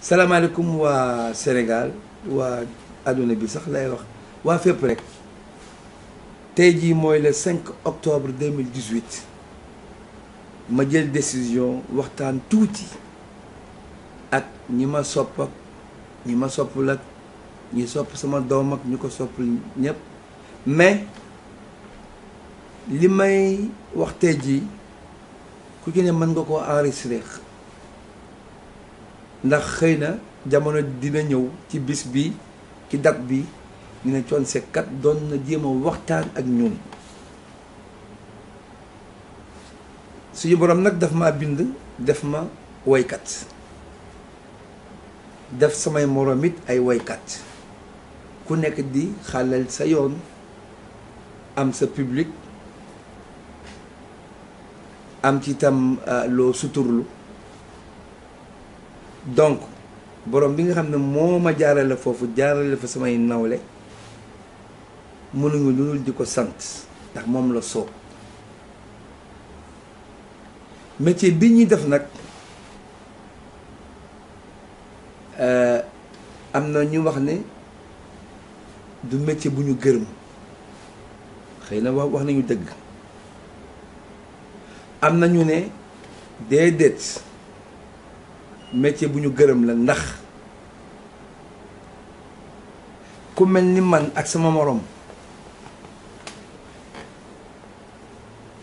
salaamaaleykum waa Sénégal waa adduna bi sax lay wax waa fépp rek tey jii mooy le 5 octobre 2018 ma jël décision waxtaan tuuti ak ñi ma sopp ak ñi ma soppul ak ñi sopp sama doom ak ñu ko soppul ñépp mais li may wax tey jii ku ci ne mën nga koo enregistrer ndax xëy na jamono dina ñëw ci bis bi ci date bi ñu ne kat doon na jéem waxtaan ak ñun suñu borom nag daf ma bind def ma woykat def samay moroom it ay woykat ku nekk di xàllal sa yoon am sa public am ci itam ah, loo suturlu donc borom bi nga xam ne moom ma jaarale foofu jaarale fa samay nawle mënuñu lu dul di ko sant ndax moom la soob métier bi ñuy def nag euh, am na ñu wax ne du métier bu ñu gërëm xëy na wax wax nañu dëgg am na ñu ne déedéet métier bu ñu gërëm la ndax ku mel ni man ak sama moroom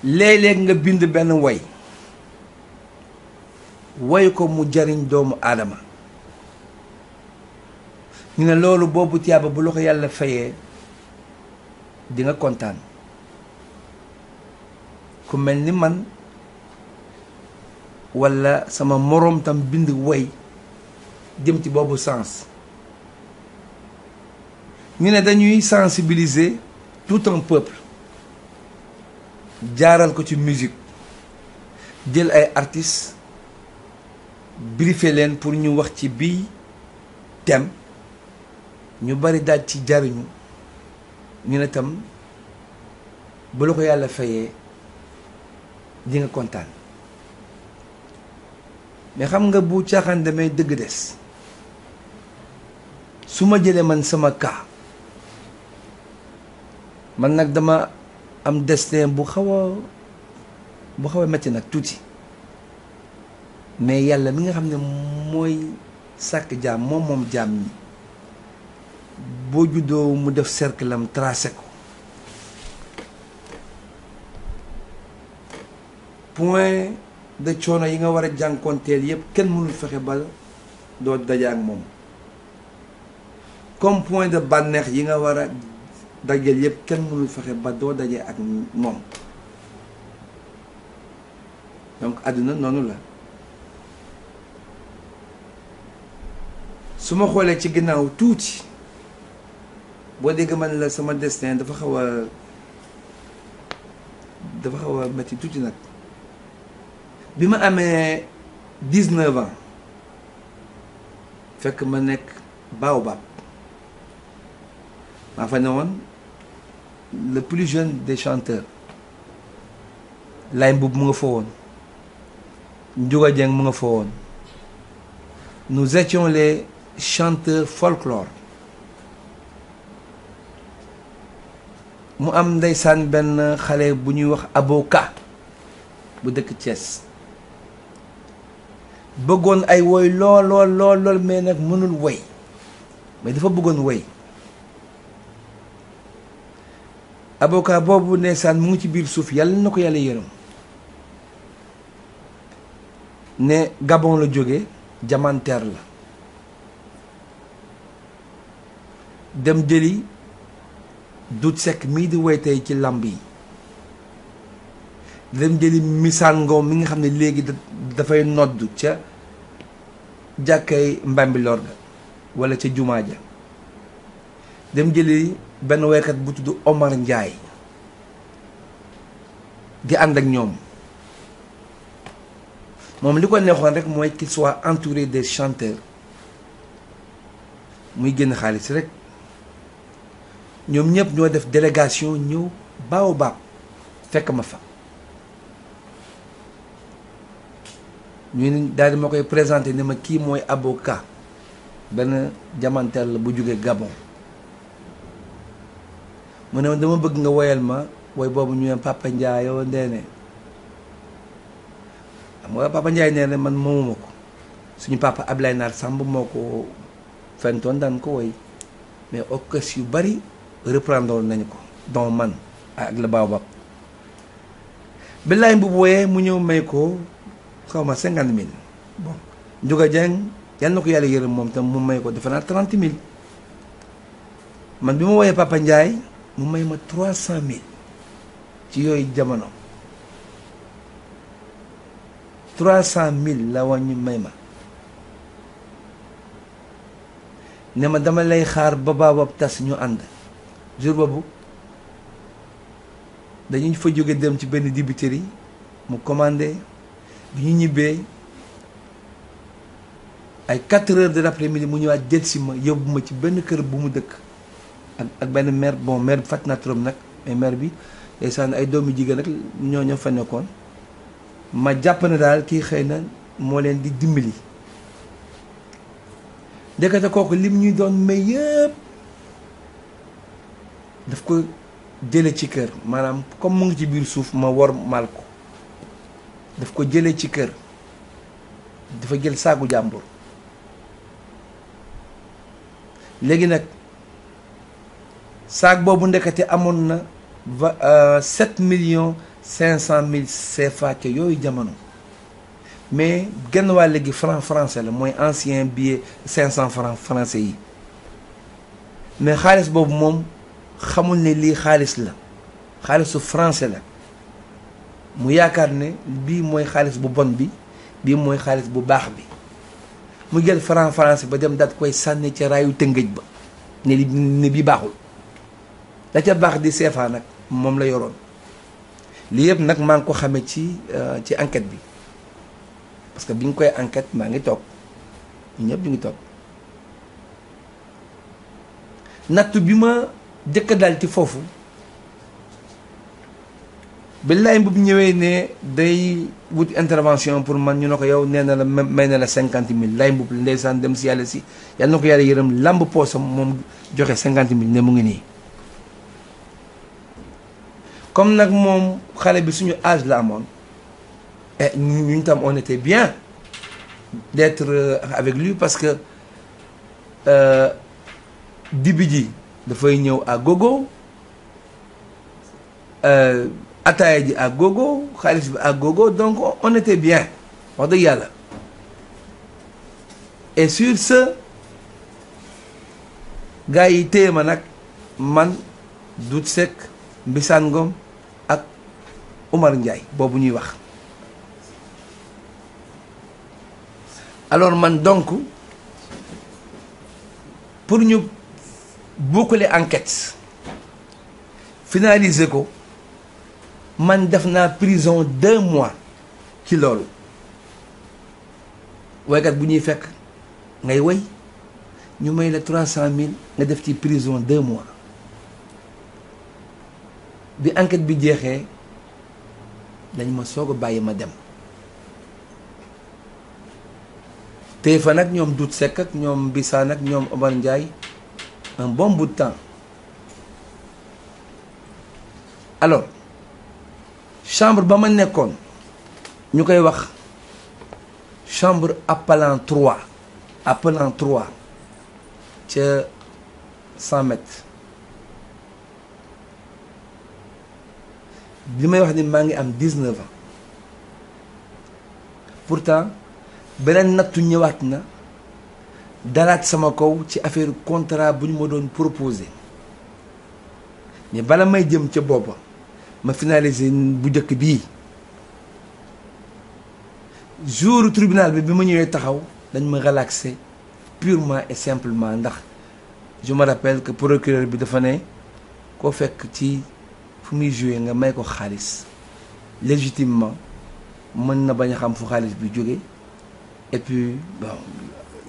léeg-léeg nga bind benn woy woyu ko mu jariñ doomu aadama ñu ne loolu boobu tiyaaba bu la ko yàlla fayee di nga kontaan ku mel ni man walla sama moroom tam bind woy jëm ci boobu sens ñu ne dañuy sensibiliser tout un peuple jaaral ko ci musique jël ay artistes briefé leen pour ñu wax ci bii thème ñu bari daal ci jariñu ñu ne tam bu la ko yàlla fayee di kontaan mais xam nga bu caaxaan demee dëgg des su ma jëlee man sama cas man nag dama am destin bu xaw bu xaw a metti nag tuuti mais yàlla mi nga xam ne mooy sàkk jaam moom moom jaam ñi boo juddoo mu def cercle am ko de coono yi nga war a jànkoonteel yépp kenn mënul fexe ba doo daje ak moom comme point de bànneex yi nga war a dajeel yépp kenn mënul fexe ba doo daje ak moom donc àdduna noonu la su ma xoolee ci ginnaaw tuuti boo dégg man la sama destin dafa xaw a dafa xaw a metti tuuti nag bi ma amee dix-neuf ans fekk ma nekk baobab maa fa ne woon le plus jeune des chanteur lay Mboup mu nga fa woon Ndiouga mu nga fa woon nous étions les chanteurs folklore mu am ndeysaan benn xale bu ñuy wax Aboka bu dëkk Thiès bëggoon ay woy lool lool lool lool nag mënul woy mais dafa bëggoon woy avocat boobu ndeysaan mu ngi ci biir suuf yàlla na ko yàlla yërëm ne Gabon la jóge jamanteer la dem jëli dut sekk mii di woy tey ci làmb yi dem jëli misangoom mi nga xam ne léegi dafay nodd ca jàkkay mbambiloor ga wala ca jumaa ja dem jëli benn waykat bu tudd Omar Njaay di ànd ak ñoom moom li ko neexoon rek mooy qu'il soit entouré des chanteurs muy génn xaalis rek ñoom ñëpp ñoo def délégation ñëw baaw baab fekk ma fa ñu daal di ma koy présenté ni ma kii mooy avocat benn jamanteel la bu jóge Gabon mu ne dama bëgg nga woyal ma woy boobu ñu ne Papa Ndiaye yow ndeene xam nga Papa Ndiaye nee man moomuma ko suñu papa Ablaye Naar Samb moo ko fentoon daan ko woy mais orchestre yu bari reprendre nañu ko don man ak la baobab billaay mbubu woyee mu ñëw may ko xaw ma cinquante mille bon Ndiouga Dieng yal na ko yàlla yërëm moom tam mu may ko defe naa trente man bi ma woowee Papa mu may ma trois cent mille ci yooyu jamono trois cent mille la wàññi may ma ne ma dama lay xaar ba baabab tas ñu ànd jour boobu dañuy fa jóge dem ci benn dibiteri mu commandé bu ñu ñibbee ay 4 heures de l'après-midi mu ñëwaat jël si ma yóbbu ma ci benn kër bu mu dëkk ak benn mère bon mère bi fàtt nag mais mère bi ndeysaan ay doomi jigéen nag ñoo ñoo fa nekkoon ma jàpp ne daal kii xëy na moo leen di dimbali ndekete kooku lim ñuy doon may yëpp daf ko jële ci kër maanaam comme mu ngi ci biir suuf ma war mal ko daf ko jëlee ci kër dafa jël saagu jàmbur léegi nag saag boobu ndekete amoon na va euh, sept millions cinq cent mille CFA ca yooyu jamono mais genn waa léegi franc français la mooy ancien bi cinq cent franc français yi mais xaalis boobu moom xamul ni lii xaalis la xaalisu français la mu yaakaar ne bii mooy xaalis bu bon bi bii mooy xaalis bu baax bi mu jël franc français ba dem daat koy sànni ca raayu tëngëj ba ne li ne baaxul la ca baax di CFA nag moom la yoroon lii yëpp nag maa ngi ko xamee ci euh, ci enquête bi parce que bi ñu koy enquête maa ngi toog ñëpp ñu ngi toog nattu bi ma jëkk dal ci foofu bi lay bu ñëwee ne day wut intervention pour man ñu ne ko yow nee na la may na la cinquante mille lay mbub ndeysaan dem si yàlla si yàlla na ko yàlla yërëm làmb poosam moom joxe cinquante mille ne mu ngi nii comme nag moom xale bi suñu âge la amoon et eh, ñu ñu tam on bien d'être euh, avec lui parce que euh, dibi ji dafay ñëw à gogo. Euh, ataaya ji ak xaalis bi ak gogo donc on bien wax dëgg yàlla et sur ce gars yi téye ma nag man Dut Seck Mbisaan ngoom ak Umar Ndiaye boobu ñuy wax alors man donk pour ñu boucler enquête finaliser ko man def naa prison deux mois ci loolu waykat bu ñuy fekk ngay woy ñu may la trois cent mille nga def ci prison deux mois bi enquête bi jeexee dañ ma soog a bàyyi ma dem tey fa nag ñoom Dut Seck ak ñoom Bissane ak ñoom Omar Ndiaye un bon bout temps alors chambre ba ma nekkoon ñu koy wax chambre appelant 3 appelant 3 ca 100 mètres bi may wax ni maa ngi am 19 ans pourtant beneen nattu ñëwaat na daraat sama kaw ci affaire contrat bu ñu ma doon proposé mais bala may jëm ca boppa ma finaliser bu njëkk bii jour tribunal bi bi ma ñëwee taxaw dañ ma relaxer purement et simplement ndax je me rappelle que procureur bi dafa ne koo fekk ci fu muy joué nga may ko xaalis légitimement mën na bañ xam fu xaalis bi jóge et puis bon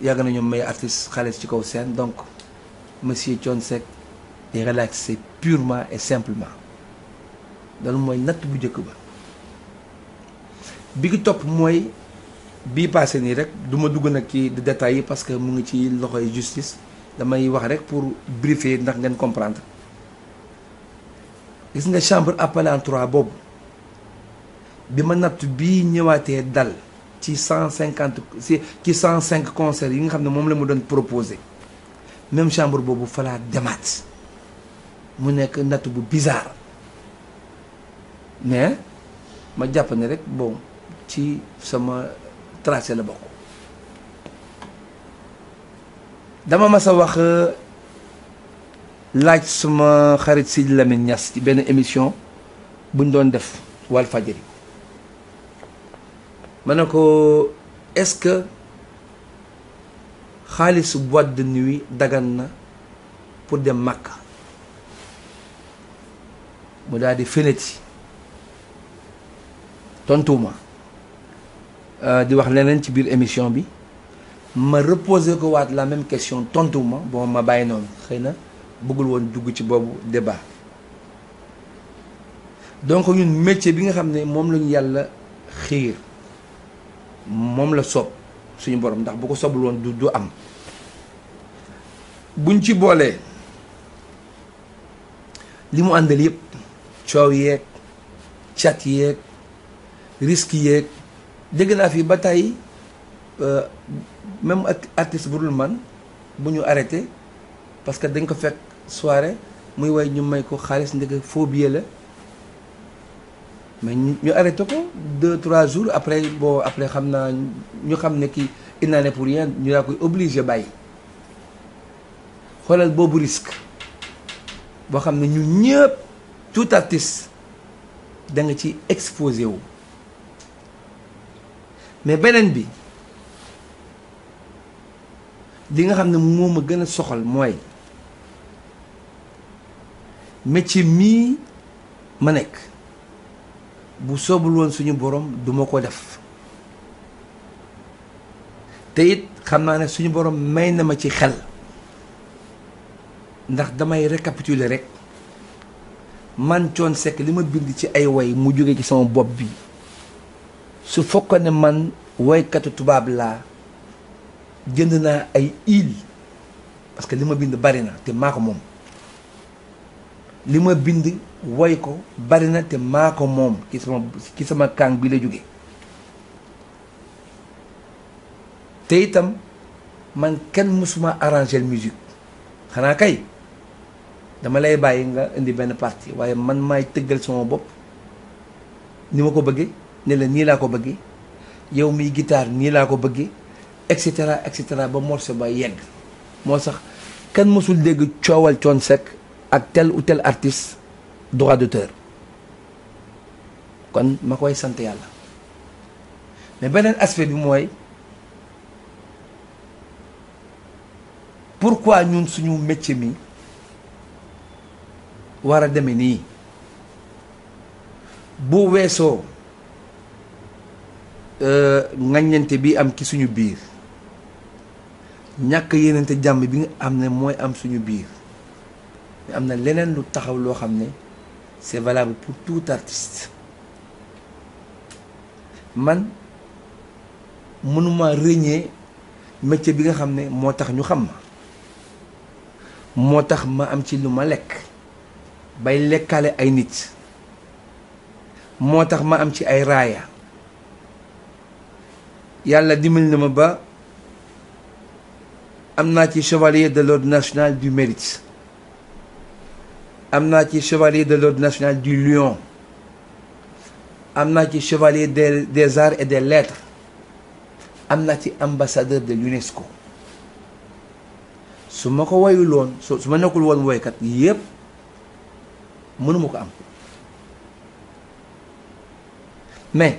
yàgg nañu may artiste xaalis ci kaw seen donc monsieur Thione sec est relaxé purement et simplement loolu mooy natt bu njëkk ba bi ki topp mooy bi passé nii rek duma dugg nag ci détails yi parce que mu ngi ci loxoy justice damay wax rek pour briefer ndax ngeen comprendre gis nga chambre appel en trois boobu bi ma natt bi ñëwaatee dal ci cent cinquante ci cent cinq concerts yi nga xam ne moom la ma doon proposé même chambre boobu falaa demaat mu nekk natt bu bizarre mais ma jàpp ne rek bon ci sama tracé la bokk dama mas a wax euh, laaj suma xarit Sidi Lamine Niass ci benn émission buñ doon def Walf Fadjri ma ne ko est-ce que xaalisu boîte de nuit dagan na pour dem Makka mu daal di feneti tontuwuma euh, di wax leneen ci biir émission bi ma reposer ko waat la même question tontuwuma bon ma bàyyi noonu xëy na bëggul woon dugg ci boobu débat donc ñun métier bi nga xam ne moom lañu yàlla xiir moom la sob suñu borom ndax bu ko soobul woon du am buñ ci boolee li mu àndal yëpp coow yeeg cat yeeg risques yeeg dégg naa fi ba tey euh, même ak artiste bu dul man bu ñu arrêté parce que dañ ko fekk soire muy way ñu may ko xaalis ndeke faux billet la mais ñu arrêté ko deux trois jours après boo après xam naa ñu xam ne kii il n'en est pour rien ñu daa koy obligé bàyyi xoolal boobu risque boo xam ne ñu ñëpp tout artiste da nga ci exposé wu mais beneen bi li nga xam ne moo ma gën a soxal mooy métier mii ma nekk bu soobul woon suñu borom duma ko def te it xam naa ne suñu borom may na ma ci xel ndax damay récapituler rek man Thione Seck li ma bind ci ay way mu jóge ci sama bopp bi su fekkoon ne man woykatu tubaab laa jënd naa ay île parce que li ma bind bari na te maa ko moom li ma bind woy ko bari na te maa ko moom ci sama ci sama bi la jóge te itam man kenn mësuma arranger musique xanaa kay dama lay bàyyi nga indi benn partie waaye man maay tëggal sama bopp ni ma ko bëggee ne la nii laa ko bëggi yow miy guitare nii laa ko bëgge et cetera et cetera ba morceau ba yegg moo sax kenn mësul dégg coowal Thione Seck ak tel ou tel artiste droit d'auteur kon ma koy sant yàlla mais beneen aspect bi mooy pourquoi ñun suñu métier mi war a deme nii bu weesoo Euh, ŋaññante bi am ci suñu biir ñàkk yéenante jàmm bi nga am ne mooy am suñu biir mais am na leneen lu taxaw loo xam ne c'est valable pour tout artiste man mënuma rëññee métier bi nga xam ne moo tax ñu xam ma moo tax ma am ci lu ma lekk bay lekkaale ay nit moo tax ma am ci ay raaya yàlla dimbali na ma ba am naa ci chevalier de l'ordre national du mérite am naa ci chevalier de l'ordre national du lion am naa ci chevalier de des arts et des lettres am naa ci ambassadeur de l'UNESCO su ma ko woyul woon su ma nekkul woon woykat yépp mënuma ko am mais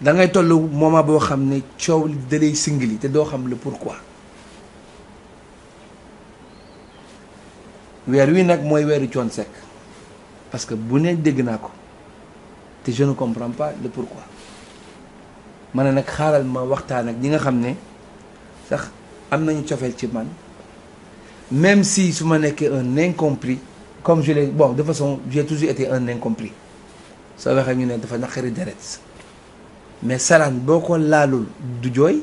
da ngay toll moment boo xam ne coow li dalay singili te doo xam le pourquoi weer wii nag mooy weeru coon sekk parce que bu ne dégg naa ko te je ne comprends pas le pourquoi ma ne nag xaaral ma waxtaan ak ñi nga xam ne sax am nañu cofeel ci man même si su ma nekkee un incompris comme je l'ai bon de façon j'ai toujours été un incompris soo waxee ñu ne dafa naqari deret mais saraan boo ko laalul du jooy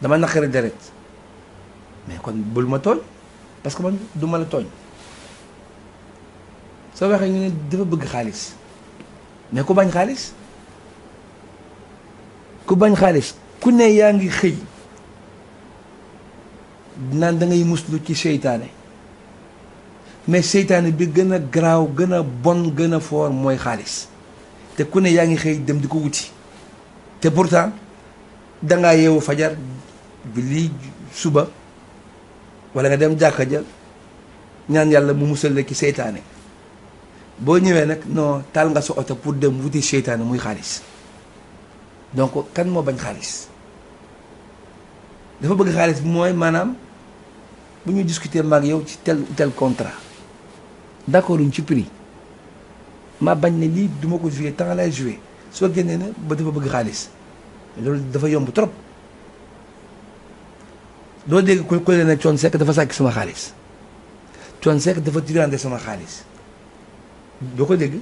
dama naqari deret mais kon bul ma tooñ parce que man du la tooñ soo waxee ñu ne dafa bëgg xaalis mais ku bañ xaalis ku bañ xaalis ku ne yaa ngi xëy naan dangay ngay muslu ci seytaane mais seytaane bi gën a garaaw gën a bon gën a foor mooy xaalis te ku ne yaa ngi xëy dem di ko wuti te pourtant dangaa yeewu fajar bi lii suba wala nga dem jàkka ja ñaan yàlla mu musal la seytaane boo ñëwee nag non taal nga sa oto pour dem wuti seytaane muy xaalis donc kan moo bañ xaalis dafa bëgg xaalis mooy maanaam bu ñu discuter maag yow ci tel tel contrat d'accorduñ ci prix maa bañ ne lii du ma ko joué temps lay joué soo génnee na ba dafa bëgg xaalis loolu dafa yomb trop doo dégg ku ku leen ne Thione dafa sàkk sama xaalis Thione Seck dafa tirande sama xaalis doo ko dégg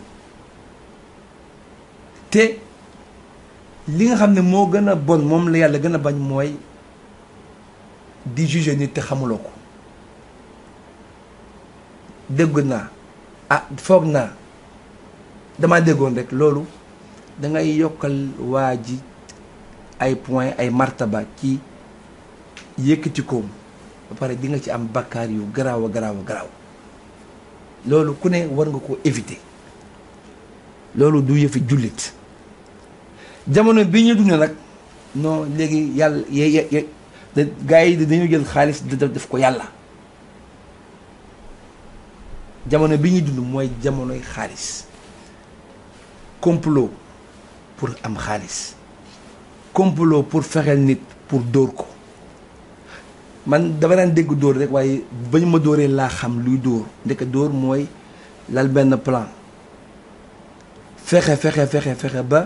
te li nga xam ne moo gën a bon moom la yàlla gën a bañ mooy di juger nit te xamuloo ko dégg naa a ah, foog naa damaa déggoon rek loolu dangay yokkal waa ji ay point ay martaba ci yëkkati koom ba pare di nga ci am bakkaar yu garaaw a garaaw a garaaw loolu ku ne war nga ko évité loolu du yëfi jullit jamono bi ñu dund nag non léegi yàlla ye ye gaa yi dañu jël xaalis def ko yàlla jamono bi ñu dund mooy jamonoy xaalis complot pour am xaalis complot pour fexeel nit pour dóor ko man dama daan dégg dóor rek waaye ba ñu ma dóoree laa xam luy dóor ndeke dóor mooy lal benn plan fexe fexe fexe fexe ba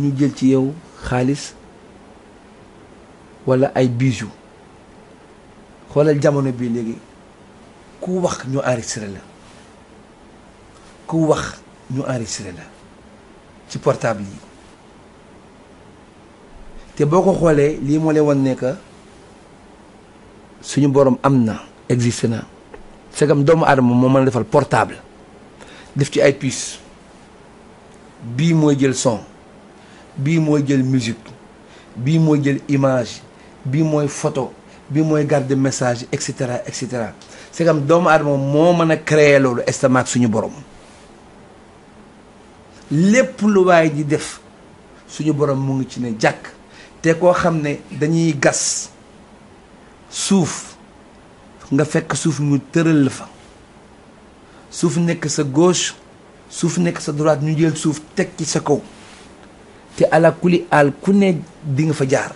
ñu jël ci yow xaalis walla ay bijoux xoolal jamono bii léegi ku wax ñu enregistré la ku wax ñu enregistré la ci portable yi te boo ko xoolee lii moo leen wan ne que suñu borom am na existe na segam doomu aadama moo mën a defal portable def ci ay puces bii mooy jël son bii mooy jël musique bii mooy jël image bii mooy photo bii mooy garde message et cetera et cetera segam doomu aadama moo mën a créer loolu estamaak suñu borom lépp lu waay di def suñu borom mu ngi ci ne jàkk te koo xam ne dañuy gas suuf nga fekk suuf ñu tëral la fa suuf nekk sa gauche suuf nekk sa droite ñu jël suuf teg ci sa kaw te ala kuli al ku ne di nga fa jaar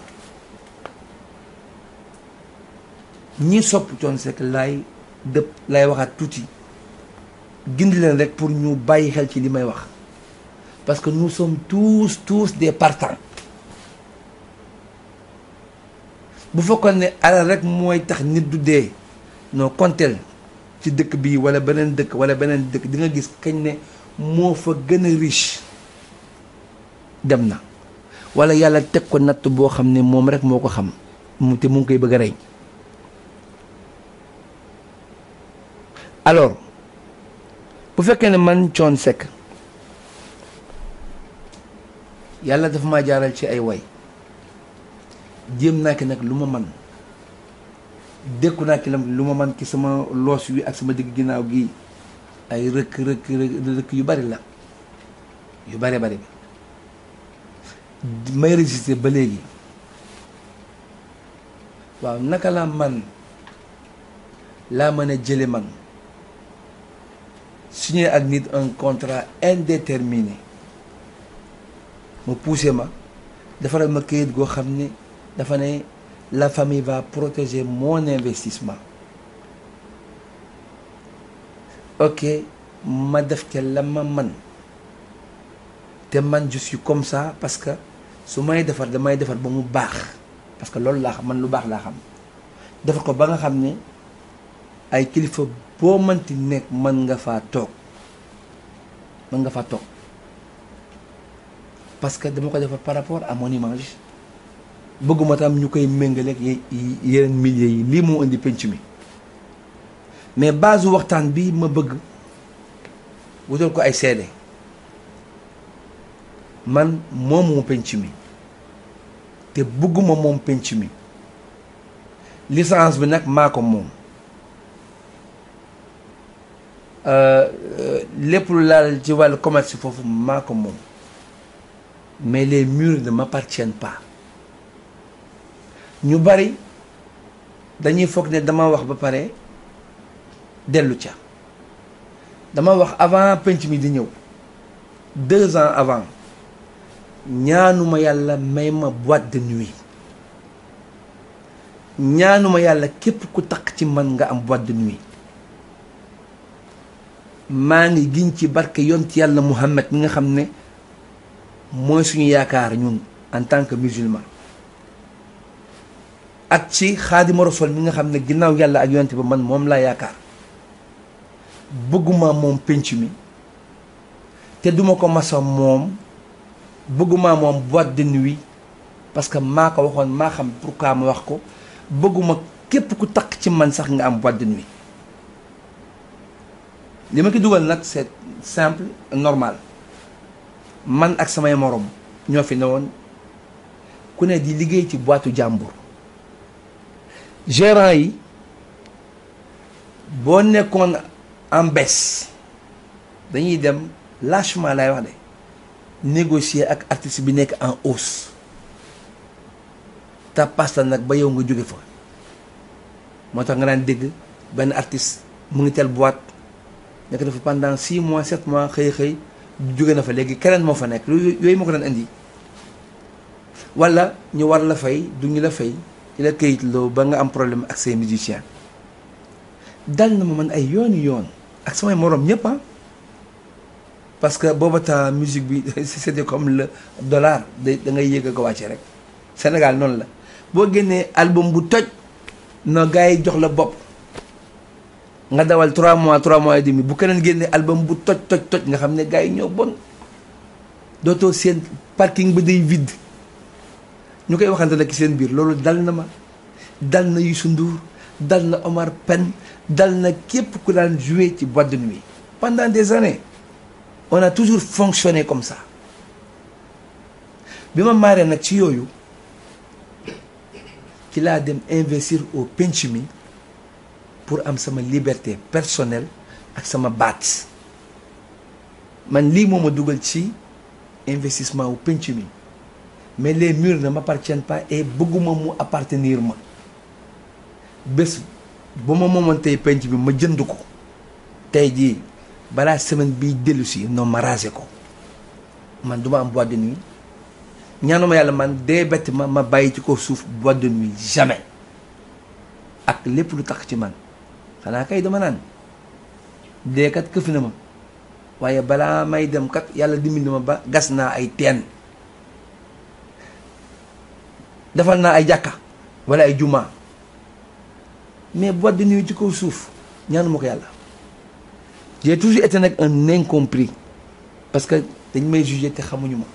ñi sopp coon laay dëpp lay waxaat tuuti gindi leen rek pour ñu bàyyi xel ci li may wax parce que nous sommes tous tous des partants bu fekkoon ne alal rek mooy tax nit du dee non konteel ci dëkk bi wala beneen dëkk wala beneen dëkk di nga gis kañ ne moo fa gën a riche dem na walla yàlla teg ko natt boo xam ne moom rek moo ko xam mu te mu ngi koy bëgg a rey alors bu fekkee ne man Thione Seck yàlla dafa ma jaaral ci ay way jéem naa ki nag lu ma man dékku naa ki lam lu ma man ki sama loos wi ak sama digg ginnaaw gi ay rëkk rëkk rëkk yu bari la yu bari bari bi may résister ba léegi waaw naka laa man laa mën a jële man signé ak nit un contrat indéterminé mu poussé ma defaral ma këyit goo xam ne dafa ne la famille va protéger mon investissement ok ma def ca la ma man te man je suis comme ça parce que su may defar damay defar ba mu baax parce que loolu laa xam man lu baax laa xam defar ko ba nga xam ni ay kilifa boo mënti nekk mën nga faa toog mën nga faa toog parce que dama ko defar par rapport à mon image bëgguma tam ñu koy méngaleeg yeneen milieu yi lii moo indi penc mi mais base waxtaan bi ma bëgg wutal ko ay seede man moom moo penc mi te bëgguma moom penc mi licence bi nag maa ko moom euh, euh, lépp lu laal ci wàllu commerce foofu maa ko moom mais les murs ma m'appartiennent pas ñu bari dañuy foog ne dama wax ba pare dellu ca dama wax avant penc mi di ñëw deux ans avant ñaanuma yàlla may ma boîte de nuit ñaanuma yàlla képp ku takk ci man nga am boîte de nuit maa ngi giñ ci barke yont yàlla Muhammad mi nga xam ne mooy suñu yaakaar ñun en tant que musulman ak ci xaadima rasul mi nga xam ne ginnaaw yàlla ak yonte ba man moom laa yaakaar bëgguma moom pénc mi te duma ko masa moom bëgguma moom boîte de nuit parce que maa ko waxoon maa xam pourquoi ma wax ko bëgguma képp ku takk ci man sax nga am boîte de nuit li ma ki dugal nag c'est simple normal man ak samay morom ñoo fi newoon ku ne di liggéey ci boîte jàmbur gérant yi boo nekkoon en baisse dañuy dem lâchement lay wax de négocier ak artiste bi nekk en hausse ta pasta nag ba yow nga jóge fa moo tax nga daan dégg benn artiste mu ngi tel boîte nekk dafa pendant six mois sept mois xëy xëy jóge na fa léegi keneen moo fa nekk yooyu moo ko daan indi walla ñu war la fay du ñu la fay di la kayit loo ba nga am problème ak say musicien dal na ma man ay yooni yoon ak samay moroom ñëpp ah parce que booba temps musique bi c'était comme le dollar da ngay yéeg a ko wàcce rek Sénégal noonu la boo génnee album bu toj no gars yi jox la bopp nga dawal 3 mois trois mois et demi bu keneen génne album bu toj toj toj nga xam ne gars yi ñoo bon dootoo seen parking ba day vide ñu koy waxante nag seen biir loolu dal na ma dal na Youssou Ndour dal na Omar Pène dal na képp ku daan joué ci boîte de nuit pendant des années on a toujours fonctionné comme ça bi ma maaree nag ci yooyu ci laa dem investir au penc mi pour am sama liberté personnelle ak sama baat man lii moom a dugal ci investissement wu penc mi mais les na ma m'appartiennent pas et bëgguma mu appartenir ma bés bu ma moomoon tey penc bi ma jënd ko tey jii balaa semaine bi dellu si noonu ma rasé ko man duma am boîte de nuit ñaanuma yàlla man dee ma ma bàyyi ci ko suuf boîte de nuit jamais ak lépp lu tax ci man xanaa kay dama naan deekat këf na ma waaye balaa may dem kat yàlla dimbali ma ba gas naa ay teen defal naa ay jàkka wala ay jumaa mais boîte de nuit ci kaw suuf ñaanu ma ko yàlla j'ai toujours été nag un incompris parce que dañ may jugé te xamuñu ma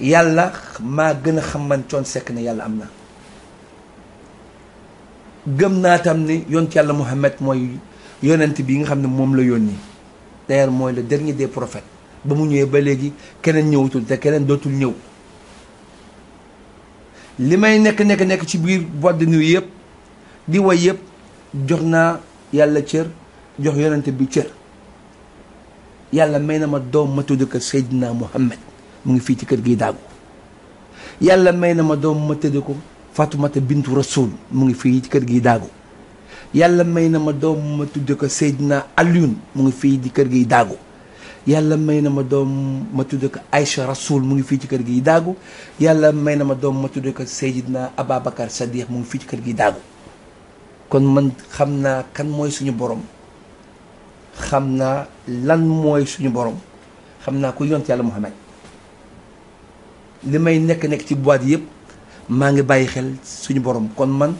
yàlla maa gën a xam man coon sekk na yàlla am na gëm naa tam ni yonent yàlla Muhammad mooy yonent bi nga xam ne moom la yónni d'ailleurs mooy le dernier des profet ba mu ñëwee ba léegi keneen ñëwatul te keneen dootul ñëw li may nekk nekk nekk ci biir boîte de nuit yëpp di way yépp jox naa yàlla cër jox yonent bi cër yàlla may na ma doom ma tudd ko Seydina Muhammad mu ngi fii ci kër gi daagu yàlla may na ma doom ma tudd ko Fatoumata bintu Rasoul mu ngi fii ci kër gi daagu yàlla may na ma doom ma tudde ko Seydina Alioune mu ngi fii di kër gi daagu yàlla may na ma doom ma tudde ko Aïcha Rasoul mu ngi fii ci kër gi daagu yàlla may na ma doom ma tudde ko Seydina Ababacar Sadiq mu ngi fii ci kër gi daagu kon man xam naa kan mooy suñu borom xam naa lan mooy suñu borom xam naa ku yont yàlla Muhammad li may nekk nekk ci boîte yëpp maa ngi bàyyi xel suñu boroom kon man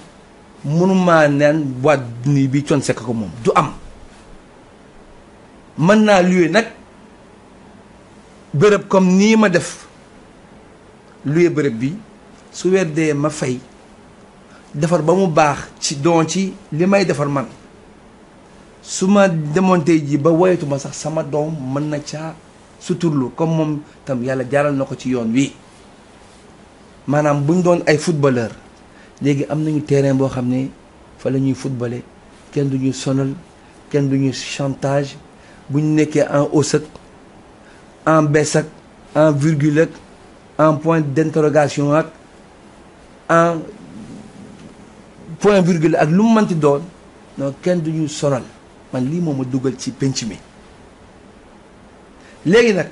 mënumaa naan boîte nii bi Thione ko moom du am mën naa luwe nag bërëb comme nii ma def luye bërëb bi su weer dee ma fay defar ba mu baax ci don ci li may defar man su ma demoon tey ji ba woyatuma sax sama doom mën na ca suturlu comme moom tam yàlla jaaral na ko ci yoon wi maanaam bu ñu doon ay footballeur léegi am nañu terrain boo xam ne fa la ñuy footballé kenn du ñu sonal kenn du ñuy chantage bu ñu nekkee en hausse ak en baisse ak en virgule ak en point d'interrogation ak en point virgule ak lu mu mënti doon non kenn du ñuy sonal man lii moom a dugal ci penc mi léegi nag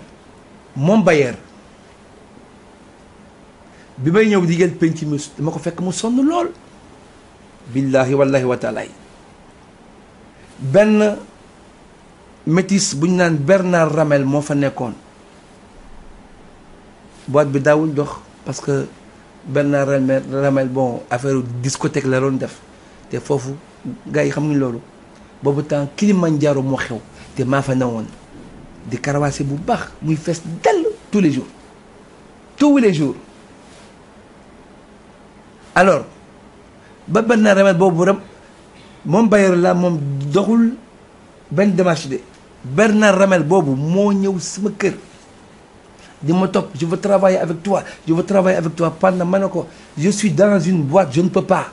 moom Bayer. bi may ñëw di jël penc mi dama ko fekk mu sonn lool billahi wallahi wa taalaay benn métis bu ñu naan Bernard Ramel moo fa nekkoon boîte bi daawul dox parce que Bernard Ramel boo affaire discothèque la doon def te foofu gay yi xam nga loolu boobu temps Kilimanjaro moo xew te maa fa newoon di karawaase bu baax muy fees dell tous les jours tous les jours alors ba benn remède boobu rek moom Bayer la moom doxul benn démarche de Bernard Ramel boobu moo ñëw sama kër di ma topp je veux travailler avec toi je veux travailler avec toi pendant ma ne ko je suis dans une boîte je papa peux pas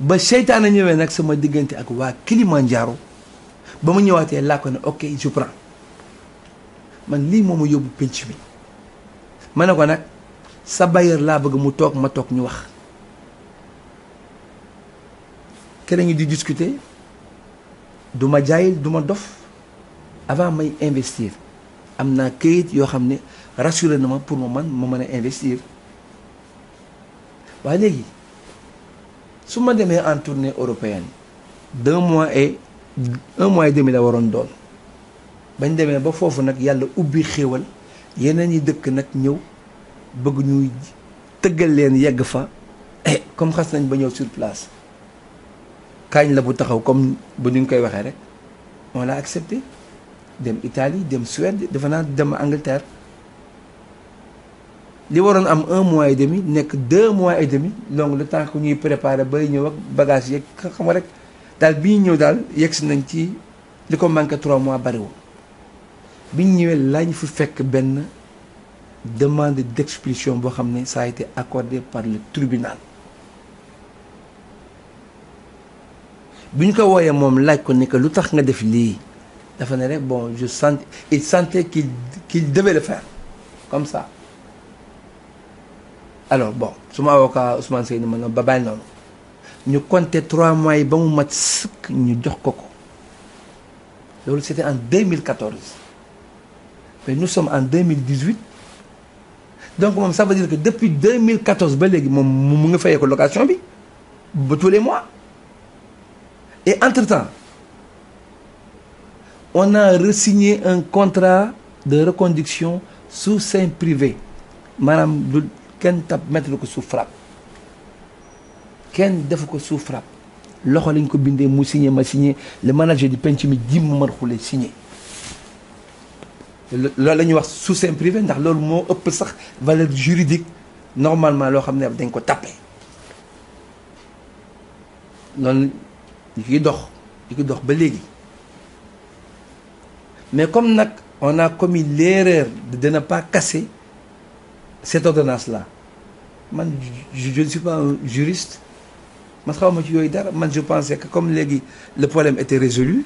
ba seytaane ñëwee nag sama diggante aku waa Kilimanjaro ba mu ñëwaatee laa ko ne ok je prends man lii moo ma yóbbu penc mi ma ne ko nag. sa bailleur laa bëgg mu toog ma toog ñu wax ke ñu di discuter duma ma duma dof avant may investir am naa këyit yoo xam ne rassuré na ma pour ma man ma mën a investir waaye léegi su ma demee en tournée européenne deux mois et un mois et demi la waroon doon bañ demee ba foofu nag yàlla ubbi xéewal yeneen yi dëkk nag ñëw bëgg ñu tëggal leen yegg fa eh, comme xas nañ ba ñëw sur place kaañ la bu taxaw comme ba ñu koy waxee rek on l'a accepté dem Italie dem Suède defe naa dem Angleterre li waroon am un mois et demi nekk deux mois et demi donc le temps que ñuy préparer bay ñëw ak bagage yeeg xam rek daal bi ñu ñëw daal yegg si nañ ci li ko manqué trois mois bariwul bi ñu ñëwee lañ fu fekk benn. demande d'expulsion boo xam ne ça a été accordé par le tribunal bi ñu ko wooyee moom laaj ko ne que lu tax nga def lii dafa ne rek bon je sens il sentait qu'il qu'il devait comme ça alors bon suma avocat Ousmane Seyni ma ne ba bàyyi noonu ñu compté trois mois yi ba mu mat sëkk ñu jox ko ko loolu c'était en 2014 mais nous sommes en 2018 donc moom ça veut dire que depuis 2014 ba léegi moom mu nga fayee ko location bi ba tous les mois et entre on a resigné un contrat de reconduction sous seing privé maanaam du kenn tab mettre ko sous frappe kenn def ko sous frappe loxo lañ ko bindee mu signé ma signé le manager du penc mi ji ma mën xulee signé loolu la ñuy wax soutien privé ndax loolu moo ëpp sax valeur juridique normalement loo xam ne dañ ko tàppe noonu ñu kiy dox ñu ki dox ba léegi mais comme nag on a commis l'erreur de ne pas casser cette ordonnance la man je ne suis pas un juriste man xawma ci yooyu dara man je pensais que comme léegi le problème était résolu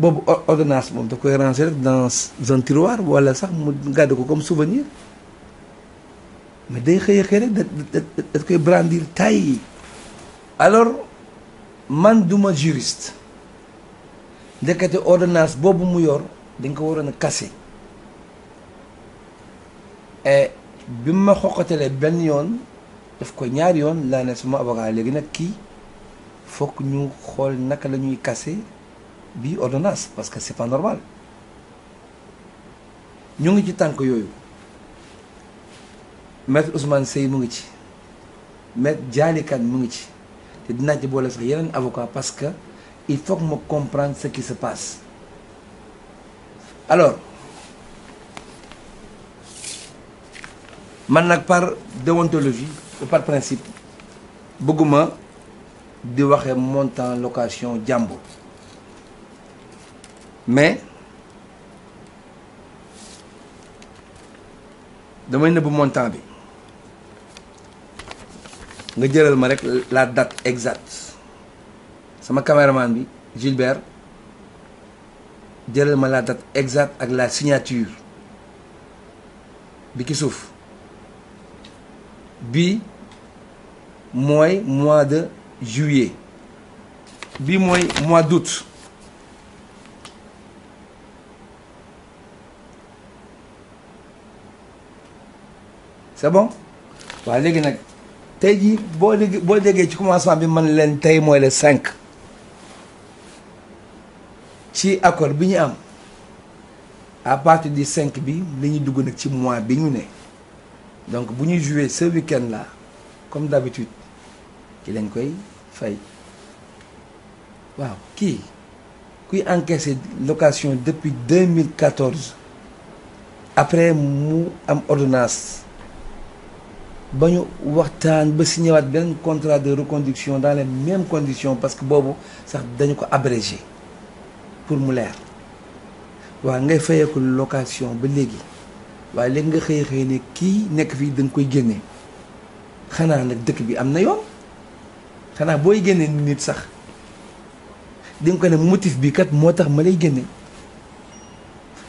boobu ordonnance moom da koy ranger rek dans un tiroir wala sax mu gàdde ko comme souvenir mais day xëy a xëy rek da da koy brandir tay alors man duma juriste ndekete ordonnance boobu mu yor dañ ko waroon a casser bi ma xoqatalee benn yoon daf ko ñaari yoon laa ne suma avocat léegi nag kii foog ñu xool naka la ñuy casser bii ordonnance parce que c'est pas normal ñu ngi ci tànk yooyu maître Ousmane Seye mu ngi ci maître Dialikane mu ngi ci te dinaa ci boole sax yeneen avocat parce que il faut que ma comprendre ce qui se passe alors man nag par déontologie par principe bëgguma di waxe montant location jàmbur mais damay nëbb montant bi nga jëlal ma rek la date exacte sama caméraman bi Gilbert jëral ma la date exacte ak la signature bi ki suuf bi mooy mois de juillet bi mooy mois d'août c'est bon waaw léegi nag tey jii boo dégg boo déggee ci commencement bi man leen tey mooy le cinq ci accord bi ñu am à partir du cinq bi la ñuy dugg nag ci mois bi ñu ne donc bu ñuy jouer ce week-end là comme d'habitude ci lañ koy fay waaw kii kuy encaissé location depuis 2014 après mu am ordonnance ba ñu waxtaan ba signé waat benn contrat de recondition dans les mêmes condition parce que boobu sax dañu ko abrégé pour mu leer waaw ngay fayeeku location ba léegi waaye léegi nga xëy xëy ne kii nekk fii danga koy génne xanaa nag dëkk bi am na yoon xanaa booy génne nit sax di nga ko ne motif bi kat moo tax ma lay génne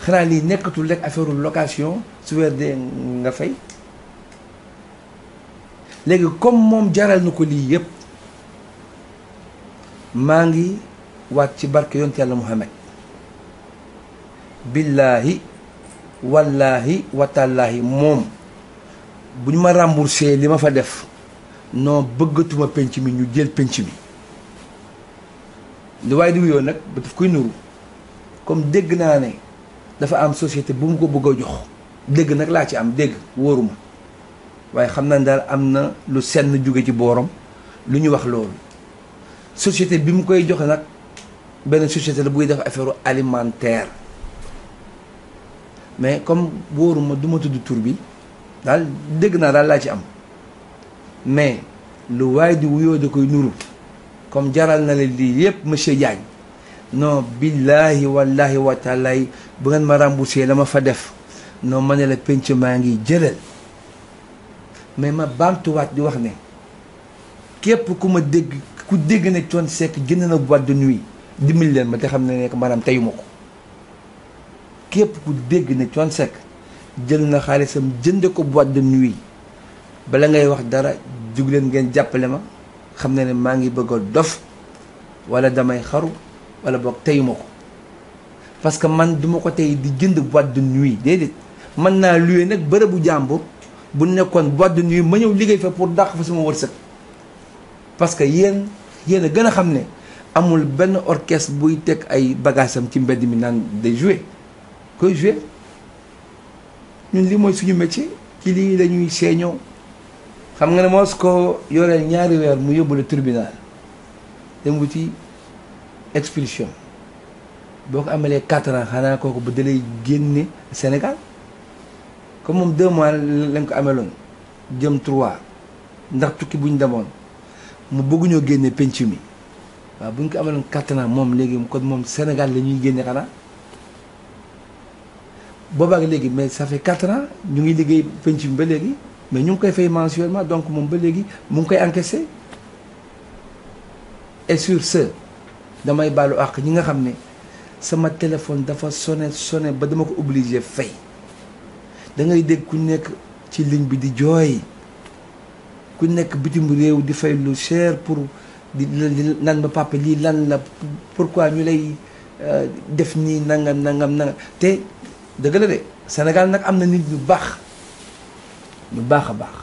xanaa lii nekkatul rek affaire location su weer dee nga fay. léegi comme moom jaral na ko lii yëpp maa ngi waat ci barke yonte yàlla Muhammad billaahi wallaahi watallaahi moom bu ñu ma remboursé li ma fa def non bëggatuma penc mi ñu jël penc mi li waaye di wuyoo nag ba daf koy nuru comme dégg naa ne dafa am société bu mu ko bëgg a jox dégg nag laa ci am dégg wóoruma waaye xam naa daal am na lu senn jóge ci boorom lu ñu wax loolu société bi mu koy joxe nag benn société la buy def affaire alimentaire mais comme wóoruma duma tudd tur bi daal dégg naa daal laa ci am mais lu waaye di wuyoo da koy nuru comme jaral na la lii yépp monsieur Diagne non billaahi wallaahi wa taalaay bu ngeen ma remboursé la ma fa def non ma ne la penc maa ngi jëlal mais ma baamtuwaat di wax ne képp ku ma dégg ku dégg ne Thione Seck génn na boîte de nuit dimbali leen ma te xam ne nekk maanaam teyuma ko képp ku dégg ne Thione Seck jël na xaalisam jënde ko boîte de nuit bala ngay wax dara jug leen ngeen jàppale ma xam ne ne maa ngi bëgg a dof wala damay xaru wala boog teyuma ko parce que man duma ko tey di jënd boîte de nuit déedéet mën naa luye nag bërëbu jàmbur bu nekkoon boîte de ma ñëw liggéey fa pour dàq fa sama wërsëg parce que yéen yéen a gën a xam ne amul benn orchestre buy teg ay bagaasam ci mbedd mi naan de jouer koy jouer ñun li mooy suñu métier ci lii la ñuy seeñoo xam nga ne moos ko yoreel ñaari weer mu yóbbu la tribunal dem wuti expulsion boo ko amalee quatre ans xanaa kooku bu dalay génne Sénégal comme moom deux mois lañ ko ameloon jëm trois ndax tukki buñ demoon mu bëgguñoo génne penc mi waaw buñ ñu ko ameloon quatre ans moom léegi kon moom Sénégal la ñuy génne xanaa boobaak léegi mais ça fait quatre ans ñu ngi liggéey penc mi ba léegi mais ñu ngi koy fay mensuellement donc moom ba léegi mu ngi koy encaissé et sur ce damay baalu àq ñi nga xam ne sama téléphone dafa sone sone ba dama ko obligé fay. da ngay dégg ku nekk ci ligne bi di jooy ku nekk bitim réew di fay lu cher pour di nan ma papa lii lan la pourquoi ñu lay euh, def nii nangam nangam nangam te dëgg la de Sénégal nag am na nit ñu baax ñu baax a baax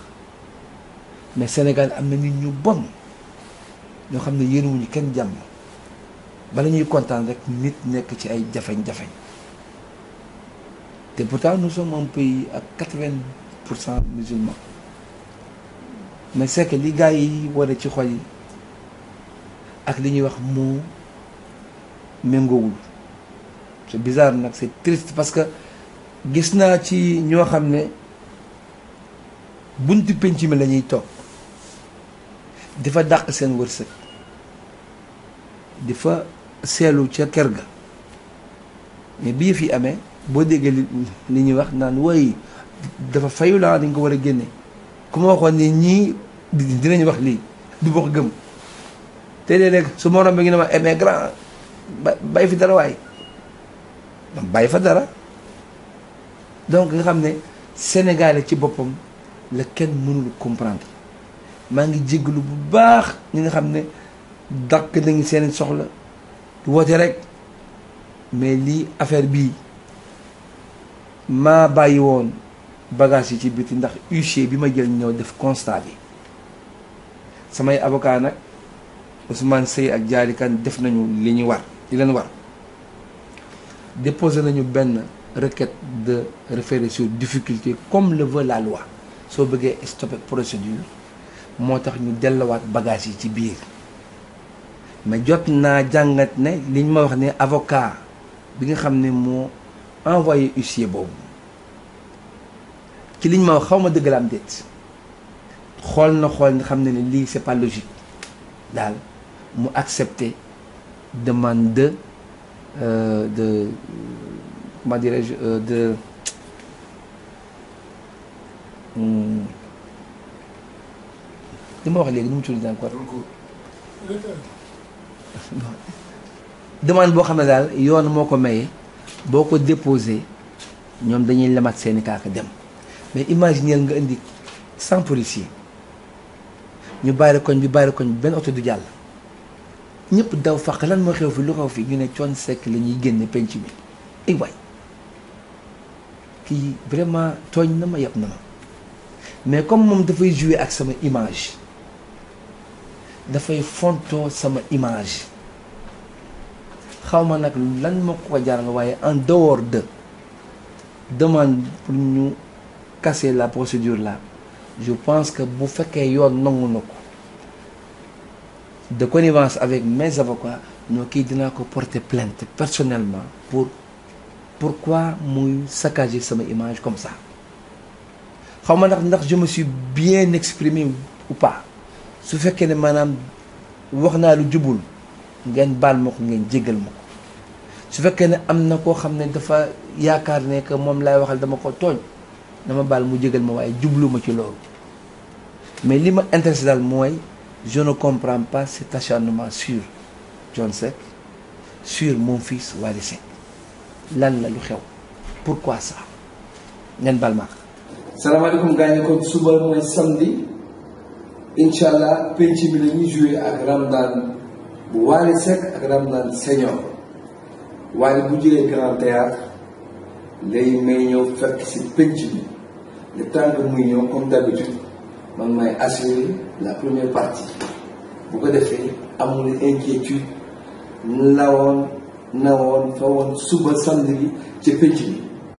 mais senegal am na nit ñu bon ñoo xam ne yéen wuñu kenn jàmm bala ñuy kontaan rek nit nekk ci ay jafeñ-jafeñ te pourtant nous sommes un ak quatre-vingt pour cent musulmans mais c'est li gars yi war ci xol yi ak li ñuy wax moo méngoowul c'est bizarre nag c'est triste parce que gis naa ci ñoo xam ne buntu penc mi la ñuy toog dafa dàq seen wërsëg di fa seelu ca kër ga mais bi yëf yi amee boo déggee li ñuy wax naan woy dafa fayu laa dañ ko war a génne ku ma waxoon ni ñii dinañu wax lii du bokk gëm te léeg-léeg su morom bi ngi ne ma eh, mais grand bàyyi fi dara waay bàyyi fa dara donc nga xam ne sénégalais ci boppam la kenn mënul comprendre maa ngi jéggalu bu baax ñi nga xam ne dàq nañu seen soxla woote rek mais lii affaire bii maa bàyyi woon bagage yi ci biti ndax huissier bi ma jël ñëw def constat bi samay avocat nag Ousmane Seye ak jaarikan def nañu li ñu war li leen war déposé nañu benn requête de référé sur difficulté comme le veut la soo bëggee stoppé procédure moo tax ñu dellowaat bagage yi ci biir mais jot naa jàngat ne li ñu ma wax ne avocat bi nga xam ne moo envoyé huissier boobu ci liñ ma xaw ma dëgg la am déet xool na xool xam ne ne lii c'est pas logique daal mu accepter demande de euh, de comment dirais euh, de hmm, li ma wax léegi nu mu tudd encore. demande boo xam ne daal yoon moo ko maye. boo ko déposé ñoom dañuy lemat seeni kaaka dem mais image imagineel nga indi cent policiers ñu bàyyi koñ bi bàyyi koñ bi benn auto du jàll ñëpp daw faq lan moo xew fi lu xew fi ñu ne Thione Seck la ñuy génne penc bi ay waay kii vraiment tooñ na ma yàpp na ma mais comme moom dafay jouer ak sama image dafay fontoo sama image xaw ma nag lan moo ko ko jaral waaye en dehors de demande pour ñu casser la procédure la je pense que bu fekkee yoon nangu na ko de connivence avec mes avocats ñoo kii dinaa ko porter plainte personnellement pour pourquoi muy saccager sama image comme sax xaw ma ndax ndax je me bien exprimé ou pas su fekkee ne maanaam wax naa lu jubul ngeen baal ma ko ngeen jégal ma ko su fekkee ne am na koo xam ne dafa yaakaar ne moom laay waxal dama ko tooñ dama baal mu jégal ma waaye jublu ma ci loolu mais li ma intéressé daal mooy je ne comprends pas cet acharnement sur Thione Seck sur mon fils Wally Seck lan la lu xew pourquoi ça ngeen baal ma ak. salaamaaleykum gars yi kon suba mooy samedi incha allah penc bi la ñuy ak Ramadane. bu Waly Seck ak Ramdan Senior waaye bu jëlee grand théâtre lay may ñëw fekk si pénc bi le temps muy ñëw comme d'habitude man may assurer la première partie bu ko defee amul inquiétude lawoon nawoon fa woon suba samedi ci pénc bi